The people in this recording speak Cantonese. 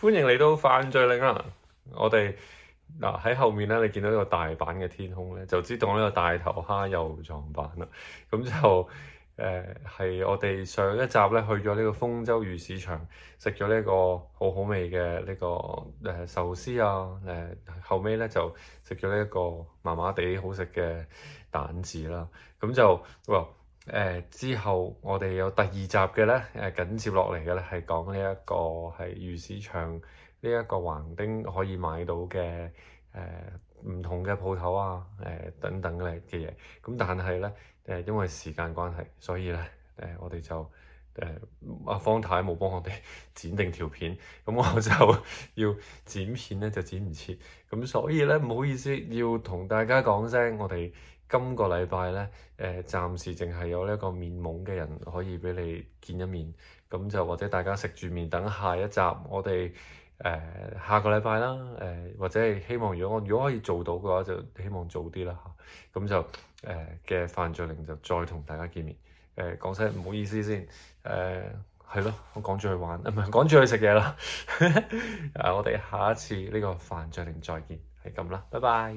歡迎嚟到飯聚令啦！我哋嗱喺後面呢，你見到呢個大阪嘅天空呢，就知道呢個大頭蝦又撞板啦。咁就誒係、呃、我哋上一集咧去咗呢個豐洲魚市場，食咗呢個好好味嘅呢、這個誒、呃、壽司啊！誒、呃、後屘咧就食咗呢一個麻麻地好食嘅蛋治啦。咁就哇～誒、呃、之後，我哋有第二集嘅咧，誒、呃、緊接落嚟嘅咧，係講呢、這、一個係魚市場呢一個橫丁可以買到嘅誒唔同嘅鋪頭啊，誒、呃、等等嘅嘅嘢。咁但係咧誒，因為時間關係，所以咧誒、呃，我哋就誒阿、呃、方太冇幫我哋剪定條片，咁我就要剪片咧就剪唔切，咁所以咧唔好意思要同大家講聲，我哋。今個禮拜咧，誒、呃、暫時淨係有呢一個面懵嘅人可以俾你見一面，咁就或者大家食住麵等下一集我，我哋誒下個禮拜啦，誒、呃、或者係希望如果我如果可以做到嘅話，就希望早啲啦嚇，咁、啊、就誒嘅飯聚令就再同大家見面，誒、呃、講聲唔好意思先，誒係咯，我趕住去玩，唔、呃、係趕住去食嘢啦， 啊，我哋下一次呢個飯聚令再見，係咁啦，拜拜。